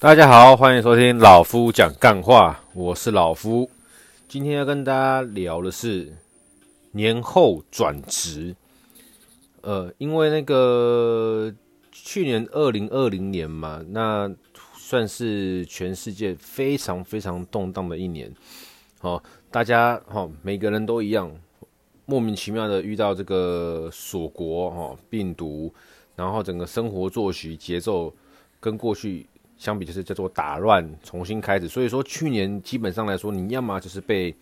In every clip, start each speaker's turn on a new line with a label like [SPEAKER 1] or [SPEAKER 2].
[SPEAKER 1] 大家好，歡迎收聽老夫講幹話，我是老夫。今天要跟大家聊的是年後轉職。呃，因為那個去年二零二零年嘛，那算是全世界非常非常動盪的一年。好、哦，大家哈、哦，每個人都一樣，莫名其妙的遇到這個鎖國哈、哦，病毒，然後整個生活作息節奏跟過去相比就是叫做打亂，重新開始。所以說去年基本上來說，你要麼就是被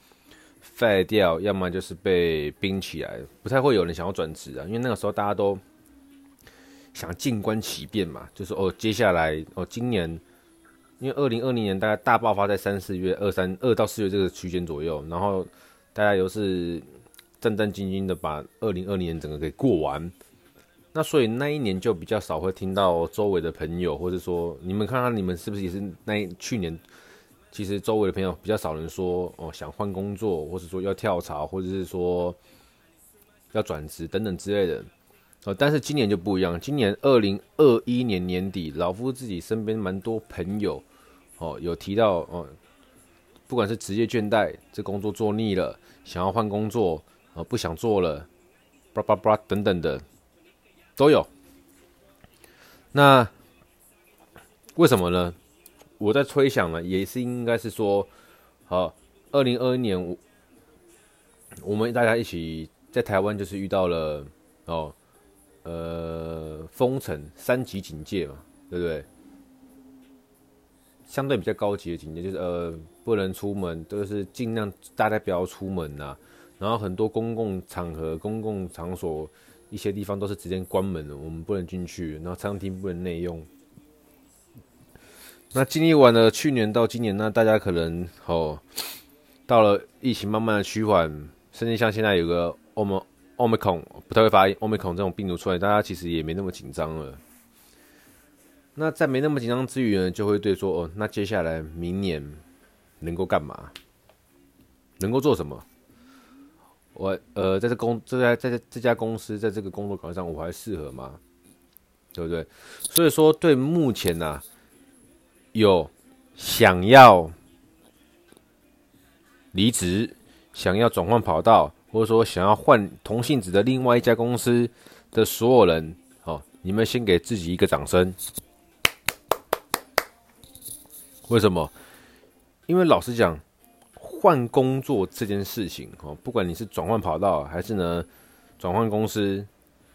[SPEAKER 1] fire 掉，要麼就是被冰起來，不太會有人想要轉職啊。因為那個時候大家都想靜觀其變嘛，就是哦，接下來哦，今年因為二零二零年大概大爆發在三四月，二三二到四月這個區間左右，然後大家又是戰戰兢兢的把二零二零年整個給過完。那所以那一年就比較少會聽到周圍的朋友，或者說你們看看你們是不是也是，那去年，其實周圍的朋友比較少人說哦想換工作，或者說要跳槽，或者是說要轉職等等之類的。哦，但是今年就不一樣，今年二零二一年年底，老夫自己身邊蠻多朋友哦有提到哦，不管是職業倦怠，這工作做膩了，想要換工作，哦，不想做了，叭叭叭等等的。都有，那為什麼呢？我在吹響了，也是應該是說，好、哦，二零二一年，我我們大家一起在台灣就是遇到了哦，呃，封城三級警戒嘛，對不對？相對比較高級的警戒，就是呃，不能出門，都、就是盡量大家不要出門吶、啊，然後很多公共場合、公共場所。一些地方都是直接關門的，我們不能進去，然後餐廳不能內用。那經歷完了去年到今年，那大家可能哦，到了疫情慢慢的趨緩，甚至像現在有個 Om-Omicron，不太會發 Omicron 這種病毒出來，大家其實也沒那麼緊張了。那在沒那麼緊張之餘呢，就會對說哦，那接下來明年能夠幹嘛？能夠做什麼？我呃，在這公，在在，在這家公司，在這個工作崗位上，我還適合嗎？對不對？所以說，對目前呢、啊，有想要離職、想要轉換跑道，或者說想要換同性質的另外一家公司的所有人，哦，你們先給自己一個掌聲。為什麼？因為老實講。換工作這件事情哦，不管你是轉換跑道還是呢轉換公司，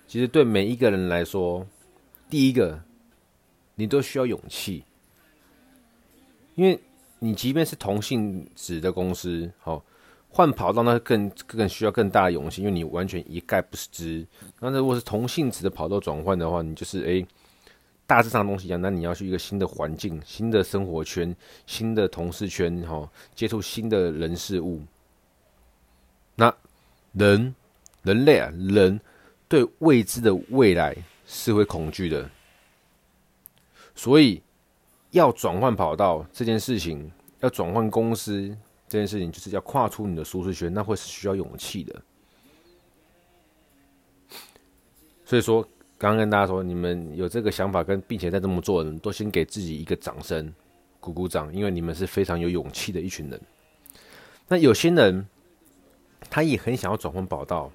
[SPEAKER 1] 其實對每一個人來說，第一個你都需要勇氣，因為你即便是同性質的公司，哦，換跑道那更更需要更大的勇氣，因為你完全一概不知。那如果是同性質的跑道轉換的話，你就是哎，欸大致上的東西一樣，那你要去一個新的環境、新的生活圈、新的同事圈，哈，接觸新的人事物。那人，人類啊，人對未知的未來是會恐懼的，所以要轉換跑道這件事情，要轉換公司這件事情，就是要跨出你的舒適圈，那會是需要勇氣的。所以說。剛剛跟大家說，你們有這個想法，跟並且在這麼做，的人都先給自己一個掌聲，鼓鼓掌，因為你們是非常有勇氣的一群人。那有些人，他也很想要轉換跑道，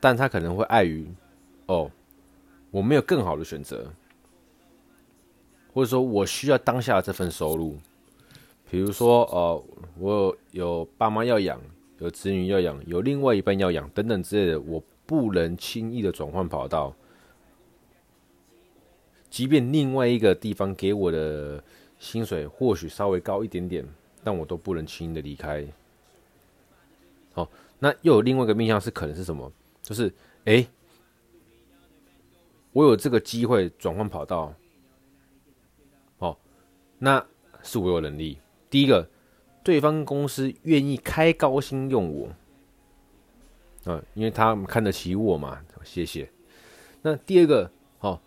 [SPEAKER 1] 但他可能會礙於，哦，我沒有更好的選擇，或者說我需要當下這份收入，比如說，呃、哦，我有，有爸媽要養，有子女要養，有另外一半要養，等等之類的，我。不能輕易的轉換跑道，即便另外一個地方給我的薪水或許稍微高一點點，但我都不能輕易的離開。好，那又有另外一個面向是可能是什麼？就是，哎、欸，我有這個機會轉換跑道，哦，那是我有能力。第一個，對方公司願意開高薪用我。嗯，因為他們看得起我嘛，嗯，謝謝。那第二個，哦，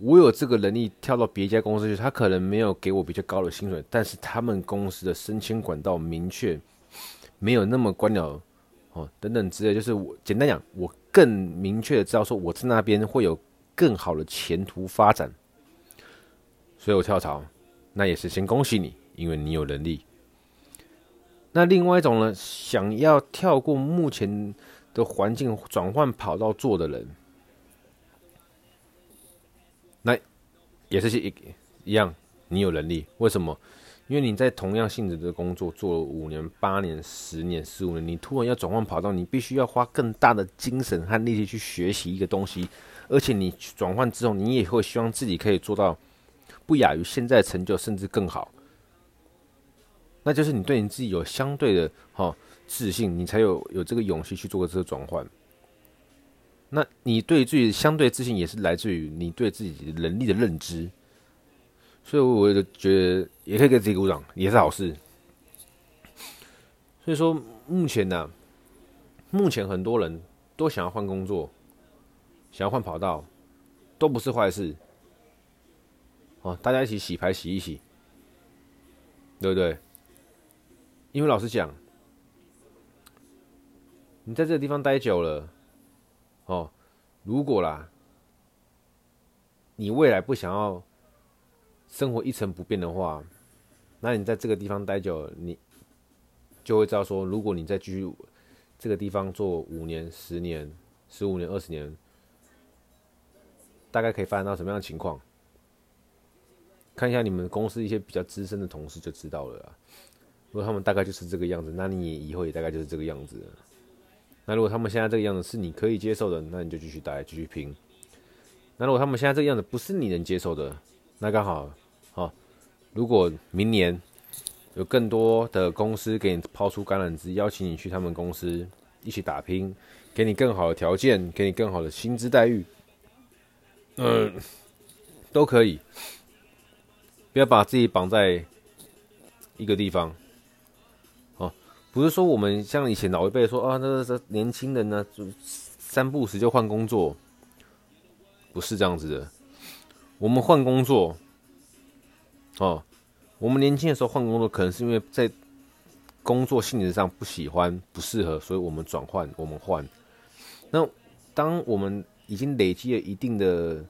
[SPEAKER 1] 我有這個能力跳到別家公司去，他可能沒有給我比較高的薪水，但是他們公司的升遷管道明確沒有那麼官僚，哦，等等之類的，就是我簡單講，我更明確的知道說我在那邊會有更好的前途發展，所以我跳槽，那也是先恭喜你，因為你有能力。那另外一種呢，想要跳過目前的環境轉換跑道做的人，那也是一一樣，你有能力，為什麼？因為你在同樣性質的工作做了五年、八年、十年、十五年，你突然要轉換跑道，你必須要花更大的精神和力氣去學習一個東西，而且你轉換之後，你也會希望自己可以做到不亞於現在成就，甚至更好。那就是你對你自己有相對的哈自信，你才有有這個勇氣去做這個轉換。那你對自己相對自信，也是來自於你對自己的能力的認知。所以，我就覺得也可以給自己鼓掌，也是好事。所以說，目前呢，啊，目前很多人都想要換工作，想要換跑道，都不是壞事。哦，大家一起洗牌洗一洗，對不對？因為老實講，你在這個地方待久了，哦，如果啦，你未來不想要生活一成不變的話，那你在這個地方待久了，你就會知道說，如果你再繼續這個地方做五年、十年、十五年、二十年，大概可以發展到什麼樣的情況？看一下你們公司一些比較資深的同事就知道了。如果他們大概就是這個樣子，那你以後也大概就是這個樣子。那如果他們現在這個樣子是你可以接受的，那你就繼續待，繼續拼。那如果他們現在這個樣子不是你能接受的，那剛好，好，如果明年有更多的公司給你拋出橄欖枝，邀請你去他們公司一起打拼，給你更好的條件，給你更好的薪資待遇，嗯，都可以。不要把自己綁在一個地方。不是說我們像以前老一輩說啊，那個年輕人呢、啊，就三不五時就換工作，不是這樣子的。我們換工作，哦，我們年輕的時候換工作，可能是因為在工作性質上不喜歡、不適合，所以我們轉換，我們換。那當我們已經累積了一定的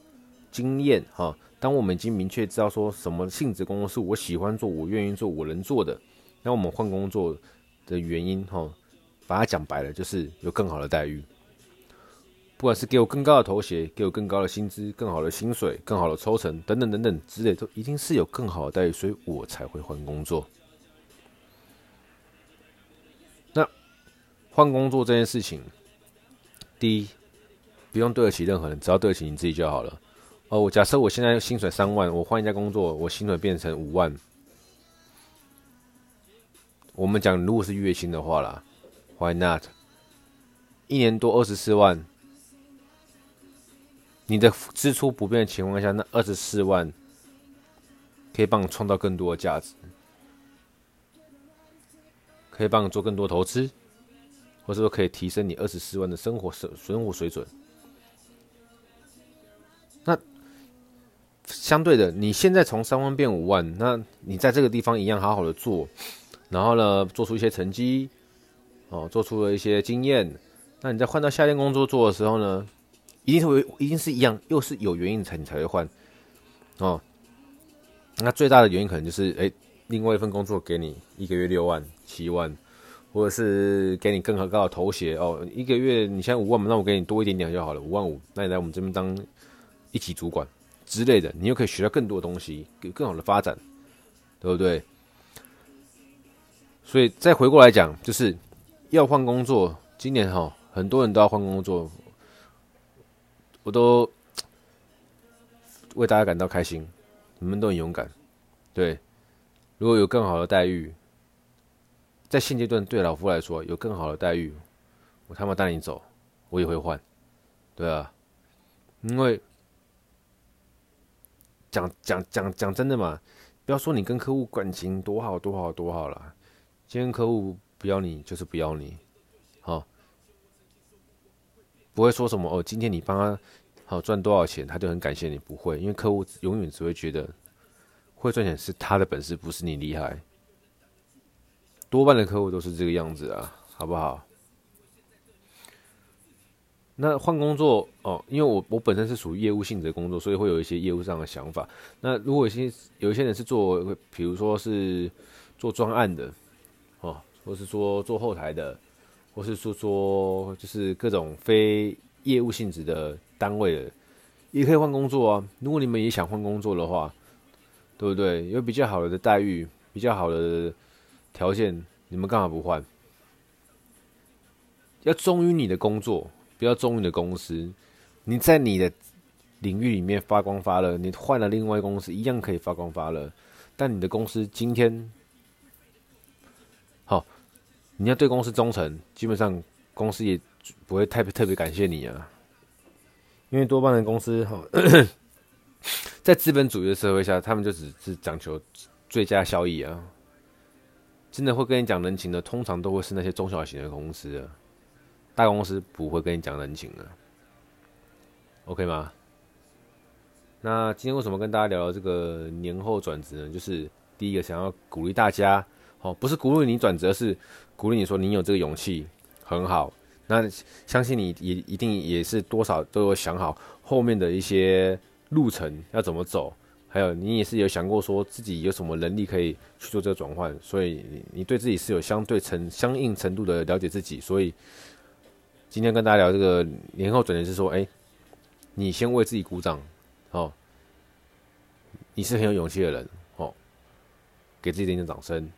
[SPEAKER 1] 經驗，哈、哦，當我們已經明確知道說什麼性質工作是我喜歡做、我願意做、我能做的，那我們換工作的原因，吼、哦，把它講白了，就是有更好的待遇，不管是給我更高的頭銜，給我更高的薪資，更好的薪水，更好的抽成，等等等等之類，都一定是有更好的待遇，所以我才會換工作。那換工作這件事情，第一，不用對得起任何人，只要對得起你自己就好了。哦，我假設我現在薪水三萬，我換一家工作，我薪水變成五萬。我們講，如果是月薪的話啦，Why not？一年多二十四萬，你的支出不變的情況下，那二十四萬可以幫你創造更多的價值，可以幫你做更多投資，或者說可以提升你二十四萬的生活生活水準。那相對的，你現在從三萬變五萬，那你在這個地方一樣好好的做。然後呢，做出一些成績，哦，做出了一些經驗。那你在換到下一份工作做的時候呢，一定是為，一定是一樣，又是有原因才你才會換哦。那最大的原因可能就是，哎，另外一份工作給你一個月六萬、七萬，或者是給你更更高的頭銜哦。一個月你現在五萬嘛，那我給你多一點點就好了，五萬五。那你來我們這邊當一級主管之類的，你又可以學到更多東西，有更好的發展，對不對？所以再回過來講，就是要換工作。今年吼，很多人都要換工作，我都為大家感到開心。你們都很勇敢，對。如果有更好的待遇，在現階段對老夫來說，有更好的待遇，我他媽帶你走，我也會換。對啊，因為講講講講真的嘛，不要說你跟客戶感情多好多好多好了。今天客戶不要你，就是不要你，好、哦，不會說什麼哦。今天你幫他好賺、哦、多少錢，他就很感謝你，不會，因為客戶永遠只會覺得會賺錢是他的本事，不是你厲害。多半的客戶都是這個樣子啊，好不好？那換工作哦，因為我我本身是屬於業務性質的工作，所以會有一些業務上的想法。那如果有些有一些人是做，比如說是做專案的。哦，或是說做後台的，或是說說就是各種非業務性質的單位的，也可以換工作啊。如果你們也想換工作的話，對不對？有比較好的待遇，比較好的條件，你們幹嘛不換？要忠於你的工作，不要忠於你的公司。你在你的領域裡面發光發熱，你換了另外一個公司一樣可以發光發熱，但你的公司今天。你要對公司忠誠，基本上公司也不會太特別感謝你啊。因為多半的公司哈， 在資本主義的社會下，他們就只是講求最佳效益啊。真的會跟你講人情的，通常都會是那些中小型的公司啊，大公司不會跟你講人情的啊。OK 嗎？那今天為什麼跟大家聊聊這個年後轉職呢？就是第一個想要鼓勵大家。哦，不是鼓勵你轉職，是鼓勵你說，你有這個勇氣，很好。那相信你也一定也是多少都有想好後面的一些路程要怎麼走，還有你也是有想過說自己有什麼能力可以去做這個轉換，所以你對自己是有相對程，相應程度的了解自己。所以今天跟大家聊這個年後轉職，是說，哎、欸，你先為自己鼓掌，哦，你是很有勇氣的人，哦，給自己點點掌聲。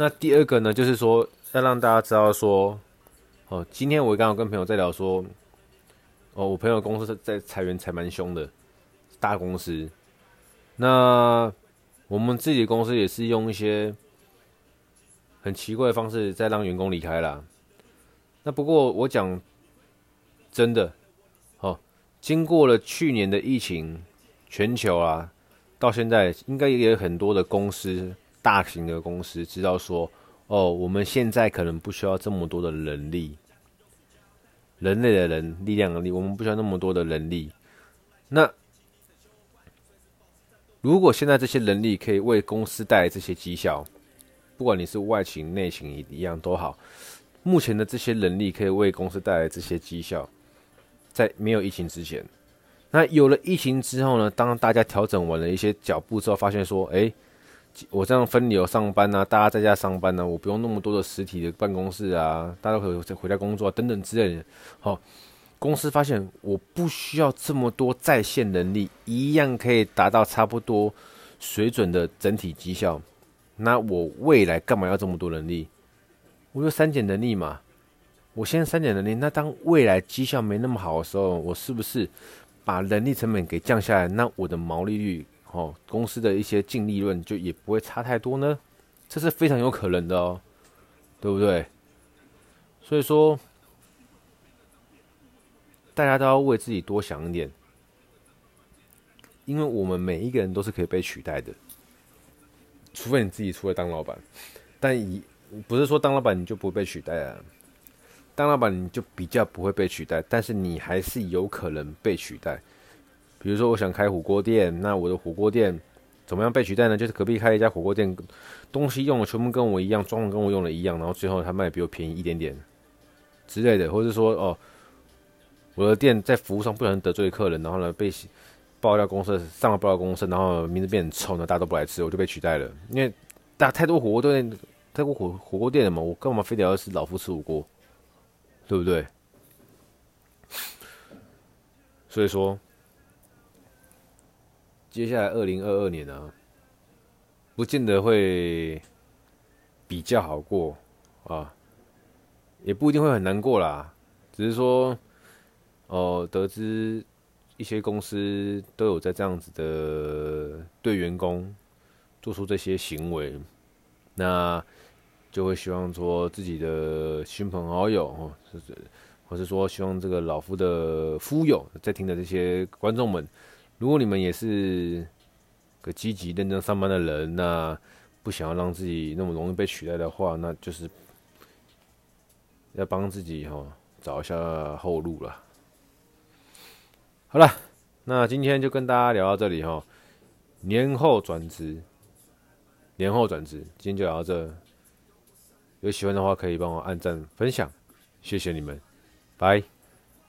[SPEAKER 1] 那第二個呢，就是說要讓大家知道說，哦，今天我剛好跟朋友在聊說，哦，我朋友的公司在裁員裁蠻兇的，大公司。那我們自己的公司也是用一些很奇怪的方式在讓員工離開啦，那不過我講真的，哦，經過了去年的疫情，全球啊，到現在應該也有很多的公司。大型的公司知道說：“哦，我們現在可能不需要這麼多的人力，人類的人，力量的力，我們不需要那麼多的人力。那如果現在這些人力可以為公司帶來這些績效，不管你是外勤內勤一樣都好，目前的這些人力可以為公司帶來這些績效，在沒有疫情之前，那有了疫情之後呢？當大家調整完了一些腳步之後，發現說，哎、欸。”我這樣分流上班呢、啊，大家在家上班呢、啊，我不用那麼多的實體的辦公室啊，大家可以回來工作，啊，等等之類的。好，哦，公司發現我不需要這麼多在線人力，一樣可以達到差不多水準的整體績效。那我未來幹嘛要這麼多人力？我就刪減人力嘛。我現在刪減人力，那當未來績效沒那麼好的時候，我是不是把人力成本給降下來？那我的毛利率？哦，公司的一些淨利潤就也不會差太多呢，這是非常有可能的哦、喔，對不對？所以說，大家都要為自己多想一點，因為我們每一個人都是可以被取代的，除非你自己出來當老闆。但一不是說當老闆你就不會被取代啊，當老闆你就比較不會被取代，但是你還是有可能被取代。比如說，我想開火鍋店，那我的火鍋店怎麼樣被取代呢？就是隔壁開一家火鍋店，東西用的全部跟我一樣，裝的跟我用的一樣，然後最後他賣比我便宜一點點之類的，或者是說，哦，我的店在服務上不小心得罪客人，然後呢，被爆料公社，上了爆料公社，然後名字變很臭呢，大家都不來吃，我就被取代了。因為大，大家太多火鍋店，太多火火鍋店了嘛，我幹嘛非得要是老夫吃火鍋，對不對？所以說。接下來二零二二年呢，啊，不見得會比較好過啊，也不一定會很難過啦，只是說，哦，得知一些公司都有在這樣子的對員工做出這些行為，那就會希望說自己的親朋好友，或是說希望這個老夫的夫友在聽的這些觀眾們。如果你們也是個積極認真上班的人那，啊、不想要讓自己那麼容易被取代的話，那就是要幫自己哈找一下後路了。好了，那今天就跟大家聊到這裡哈。年後轉職，年後轉職，今天就聊到這。有喜歡的話可以幫我按讚分享，謝謝你們，拜。